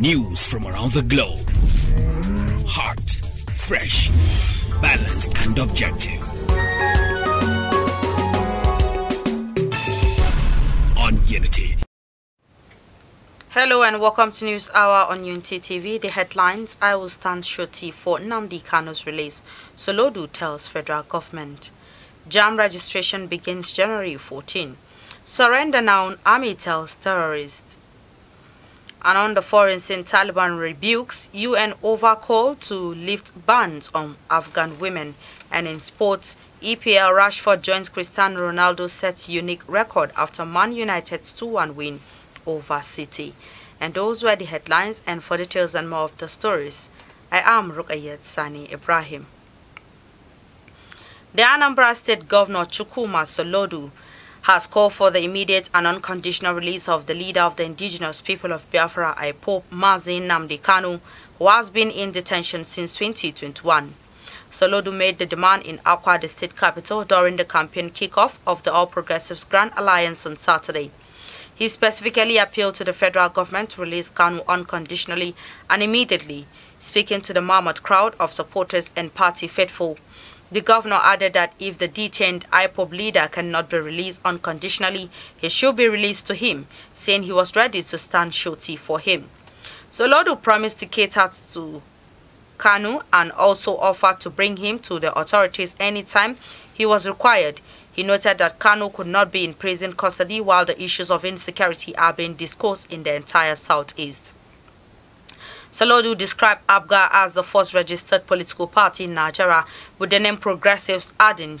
News from around the globe. Hot, fresh, balanced, and objective. On Unity. Hello and welcome to News Hour on Unity TV. The headlines I will stand shorty for Namdi Kano's release. Solodu tells federal government. Jam registration begins January 14. Surrender now, army tells terrorists. And on the foreign scene, Taliban rebukes UN overcall to lift bans on Afghan women. And in sports, EPL Rashford joins Cristiano Ronaldo sets unique record after Man United's 2-1 win over City. And those were the headlines and for details and more of the stories. I am Rukayet Sani Ibrahim. The Anambra State Governor Chukuma Solodu has called for the immediate and unconditional release of the leader of the indigenous people of Biafra, IPOP, Mazin Namdi Kanu, who has been in detention since 2021. Solodu made the demand in Akwa, the state capital, during the campaign kickoff of the All Progressives Grand Alliance on Saturday. He specifically appealed to the federal government to release Kanu unconditionally and immediately, speaking to the mammoth crowd of supporters and party faithful. The governor added that if the detained IPOB leader cannot be released unconditionally, he should be released to him, saying he was ready to stand surety for him. So Solodu promised to cater to Kanu and also offered to bring him to the authorities anytime he was required. He noted that Kanu could not be in prison custody while the issues of insecurity are being discussed in the entire Southeast. Salodu described ABGA as the first registered political party in Nigeria, with the name Progressives adding,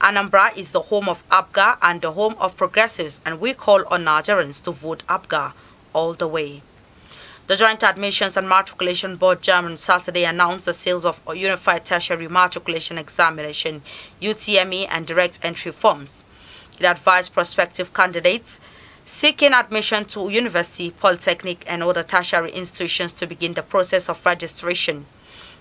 Anambra is the home of ABGA and the home of progressives, and we call on Nigerians to vote ABGA all the way. The Joint Admissions and Matriculation Board German Saturday announced the sales of Unified Tertiary Matriculation Examination, UTME, and direct entry forms. It advised prospective candidates seeking admission to university, polytechnic and other tertiary institutions to begin the process of registration.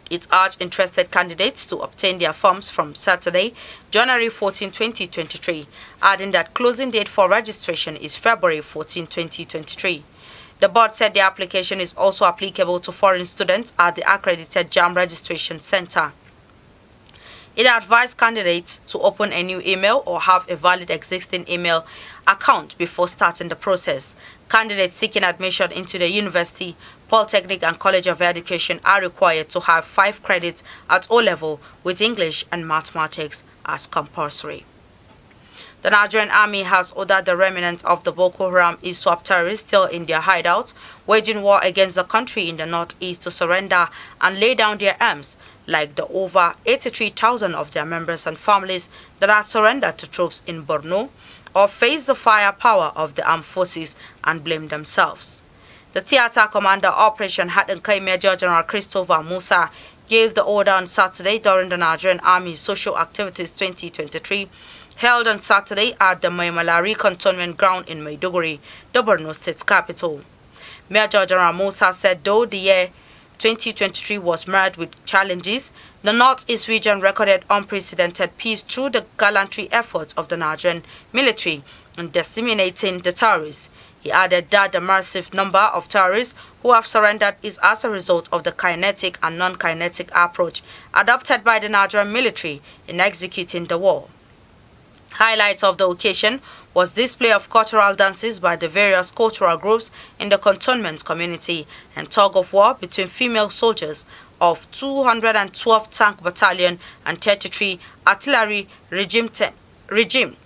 It urged interested candidates to obtain their forms from Saturday, January 14, 2023, adding that closing date for registration is February 14, 2023. The board said the application is also applicable to foreign students at the accredited JAM registration center. It advised candidates to open a new email or have a valid existing email account before starting the process. Candidates seeking admission into the university, polytechnic and college of education are required to have five credits at all level with English and mathematics as compulsory. The Nigerian army has ordered the remnants of the Boko Haram ISWAP terrorists still in their hideouts, waging war against the country in the northeast to surrender and lay down their arms like the over 83,000 of their members and families that are surrendered to troops in Borno or face the firepower of the armed forces and blame themselves. The theater commander Operation Haddon Kai Major General Christopher Musa gave the order on Saturday during the Nigerian Army Social Activities 2023 held on Saturday at the Maimalari Cantonment Ground in Maiduguri, the Borno State capital. Major General Musa said though the year 2023 was marred with challenges, the Northeast region recorded unprecedented peace through the gallantry efforts of the Nigerian military in disseminating the terrorists. He added that the massive number of terrorists who have surrendered is as a result of the kinetic and non-kinetic approach adopted by the Nigerian military in executing the war. Highlights of the occasion was display of cultural dances by the various cultural groups in the cantonment community and tug of war between female soldiers of 212 Tank Battalion and 33 Artillery Regime, regime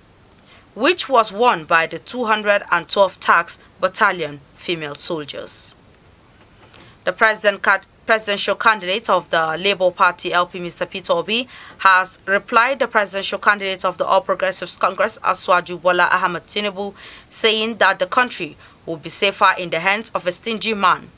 which was won by the 212 Tank Battalion female soldiers. The president presidential candidate of the Labour Party LP, Mr. Peter Obi, has replied the presidential candidate of the All Progressives Congress, Aswaju Bola Ahmed Tinubu, saying that the country will be safer in the hands of a stingy man.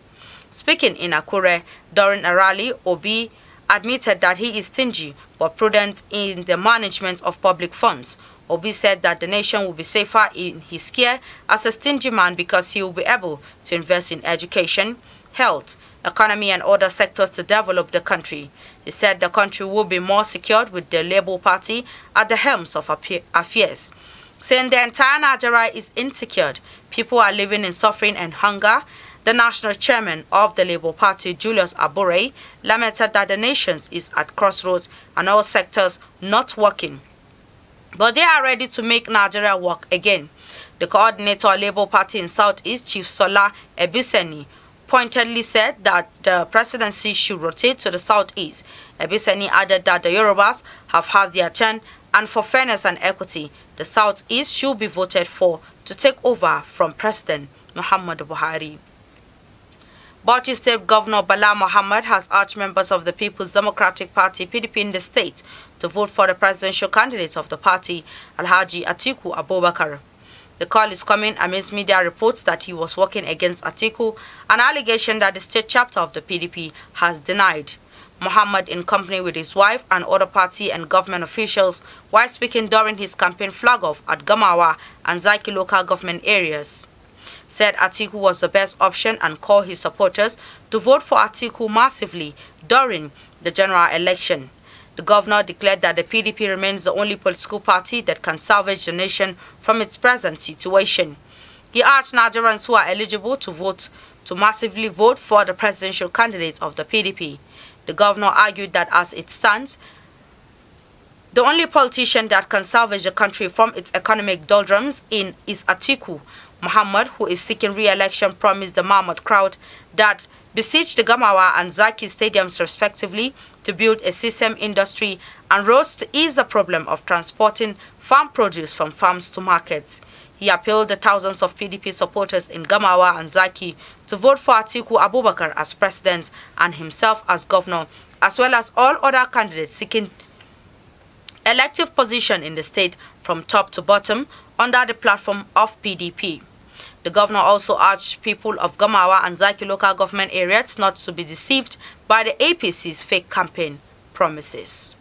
Speaking in Akure during a rally, Obi admitted that he is stingy but prudent in the management of public funds. Obi said that the nation will be safer in his care as a stingy man because he will be able to invest in education, health, economy and other sectors to develop the country. He said the country will be more secured with the Labour Party at the helm of affairs. Saying the entire Nigeria is insecure, people are living in suffering and hunger, the national chairman of the Labour Party, Julius Abure, lamented that the nation is at crossroads and all sectors not working. But they are ready to make Nigeria work again. The coordinator of Labour Party in Southeast, Chief Sola Ebiseni, pointedly said that the presidency should rotate to the southeast. Ebiseni added that the Yorubas have had their turn and for fairness and equity, the southeast should be voted for to take over from President Muhammad Buhari. Bauchi State Governor Bala Mohammed has urged members of the People's Democratic Party PDP in the state to vote for the presidential candidate of the party, Alhaji Atiku Abubakar. The call is coming amidst media reports that he was working against Atiku, an allegation that the state chapter of the PDP has denied. Mohammed, in company with his wife and other party and government officials, while speaking during his campaign flag-off at Gamawa and Zaki local government areas, said Atiku was the best option and called his supporters to vote for Atiku massively during the general election. The governor declared that the PDP remains the only political party that can salvage the nation from its present situation. He urged Nigerians who are eligible to vote to massively vote for the presidential candidates of the PDP. The governor argued that as it stands, the only politician that can salvage the country from its economic doldrums in is Atiku Muhammad, who is seeking re-election, promised the Mahmoud crowd that besieged the Gamawa and Zaki stadiums respectively to build a system industry and roads to ease the problem of transporting farm produce from farms to markets. He appealed to thousands of PDP supporters in Gamawa and Zaki to vote for Atiku Abubakar as president and himself as governor, as well as all other candidates seeking elective position in the state from top to bottom under the platform of PDP. The governor also urged people of Gamawa and Zaki local government areas not to be deceived by the APC's fake campaign promises.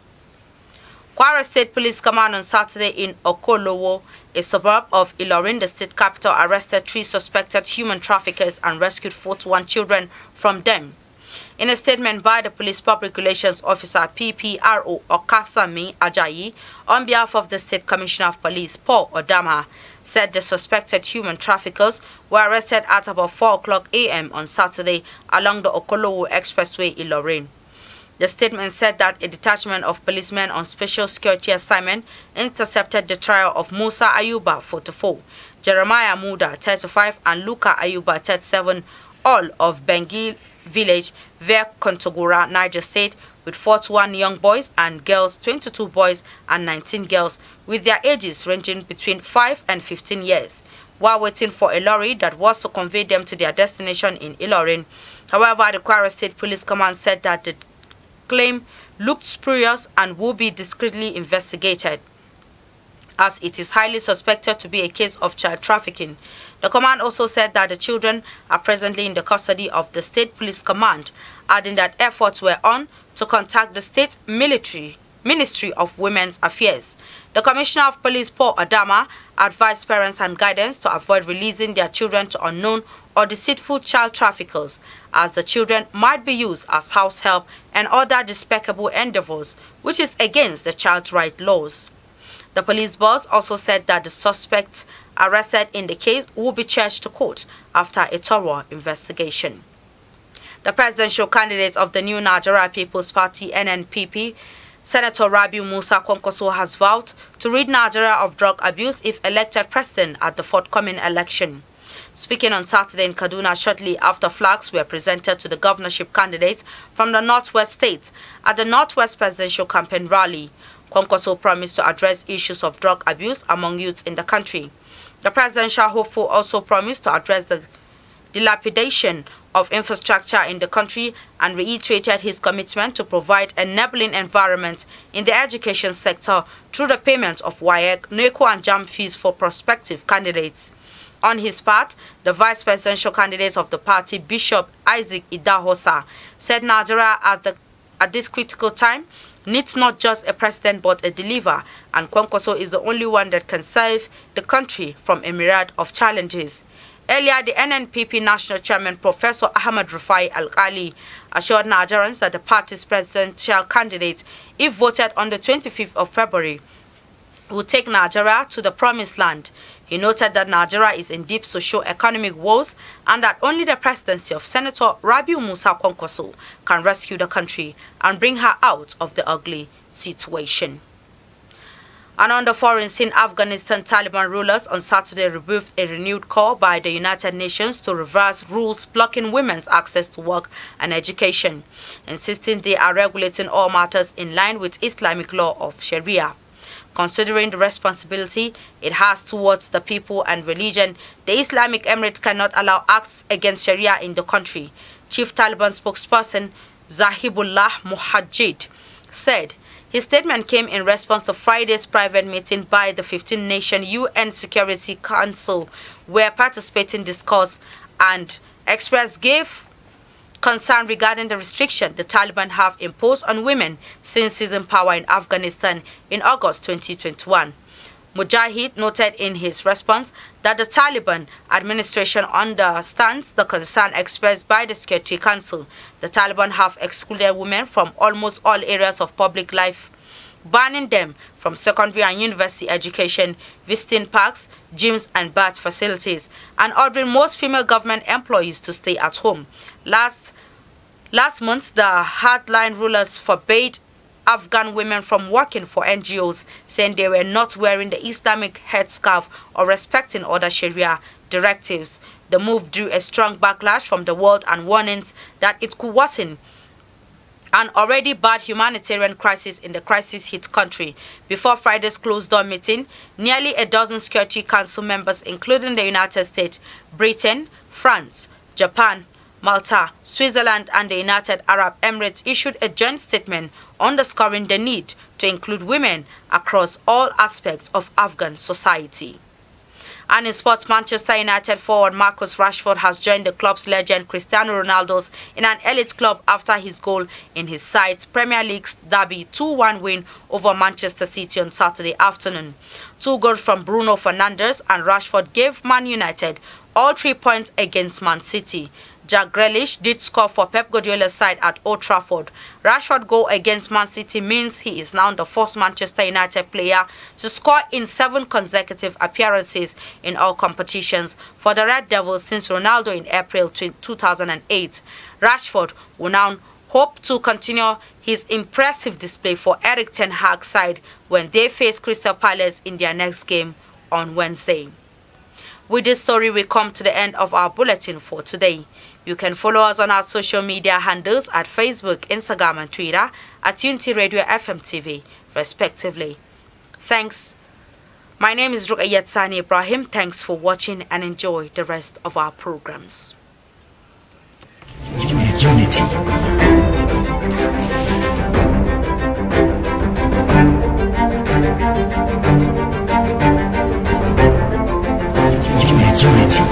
Kwara State Police Command on Saturday in Okolowo, a suburb of Ilorin, the state capital, arrested three suspected human traffickers and rescued 41 children from them. In a statement by the Police Public Relations Officer PPRO Okasami Ajayi on behalf of the State Commissioner of Police Paul Odama said the suspected human traffickers were arrested at about 4 o'clock a.m. on Saturday along the Okolo Expressway in Lorraine. The statement said that a detachment of policemen on special security assignment intercepted the trial of Musa Ayuba, 44, Jeremiah Muda, 35, and Luka Ayuba, 37, all of Benguil village, Ver Kontogura, Niger State, with 41 young boys and girls, 22 boys and 19 girls, with their ages ranging between 5 and 15 years, while waiting for a lorry that was to convey them to their destination in Ilorin. However, the Kwara State Police Command said that the claim looked spurious and will be discreetly investigated as it is highly suspected to be a case of child trafficking. The command also said that the children are presently in the custody of the State Police Command, adding that efforts were on to contact the state military Ministry of Women's Affairs. The Commissioner of Police, Paul Adama, advised parents and guidance to avoid releasing their children to unknown or deceitful child traffickers, as the children might be used as house help and other despicable endeavors, which is against the child right laws. The police boss also said that the suspects arrested in the case will be charged to court after a thorough investigation. The presidential candidate of the new Nigeria People's Party, NNPP, Senator Rabi Musa Kwankwaso has vowed to rid Nigeria of drug abuse if elected president at the forthcoming election. Speaking on Saturday in Kaduna shortly after flags were presented to the governorship candidates from the Northwest state at the Northwest Presidential Campaign Rally, Konkoso promised to address issues of drug abuse among youths in the country. The presidential hopeful also promised to address the dilapidation of infrastructure in the country and reiterated his commitment to provide enabling environment in the education sector through the payment of WAEC, NECO and JAM fees for prospective candidates. On his part, the vice presidential candidate of the party, Bishop Isaac Idahosa, said Nigeria at, the, at this critical time needs not just a president but a deliver, and Kwankoso is the only one that can save the country from a myriad of challenges. Earlier, the NNPP National Chairman Professor Ahmed Rufai Al-Ali assured Nigerians that the party's presidential candidate, if voted on the 25th of February, will take Nigeria to the promised land. He noted that Nigeria is in deep socio-economic woes and that only the presidency of Senator Rabiu Musa Kwankwaso can rescue the country and bring her out of the ugly situation. And on the foreign scene, Afghanistan Taliban rulers on Saturday rebuffed a renewed call by the United Nations to reverse rules blocking women's access to work and education, insisting they are regulating all matters in line with Islamic law of Sharia. Considering the responsibility it has towards the people and religion, the Islamic Emirates cannot allow acts against Sharia in the country. Chief Taliban spokesperson Zahibullah Muhajid said, his statement came in response to Friday's private meeting by the 15-nation UN Security Council, where participating discussed and expressed gave concern regarding the restriction the Taliban have imposed on women since seizing power in Afghanistan in August 2021. Mujahid noted in his response that the Taliban administration understands the concern expressed by the Security Council. The Taliban have excluded women from almost all areas of public life banning them from secondary and university education, visiting parks, gyms and bath facilities, and ordering most female government employees to stay at home. Last, last month, the hardline rulers forbade Afghan women from working for NGOs, saying they were not wearing the Islamic headscarf or respecting other Sharia directives. The move drew a strong backlash from the world and warnings that it could worsen an already bad humanitarian crisis in the crisis-hit country. Before Friday's closed-door meeting, nearly a dozen Security Council members, including the United States, Britain, France, Japan, Malta, Switzerland and the United Arab Emirates issued a joint statement underscoring the need to include women across all aspects of Afghan society. And in sports, Manchester United forward Marcus Rashford has joined the club's legend Cristiano Ronaldo's in an elite club after his goal in his side's Premier League's derby 2-1 win over Manchester City on Saturday afternoon. Two goals from Bruno Fernandes and Rashford gave Man United all three points against Man City. Jack Grealish did score for Pep Guardiola's side at Old Trafford. Rashford' goal against Man City means he is now the first Manchester United player to score in seven consecutive appearances in all competitions for the Red Devils since Ronaldo in April 2008. Rashford will now hope to continue his impressive display for Eric Ten Hag's side when they face Crystal Palace in their next game on Wednesday. With this story, we come to the end of our bulletin for today. You can follow us on our social media handles at Facebook, Instagram and Twitter at Unity Radio FM TV, respectively. Thanks. My name is Rukayat Sani Ibrahim. Thanks for watching and enjoy the rest of our programs. Unity. Unity.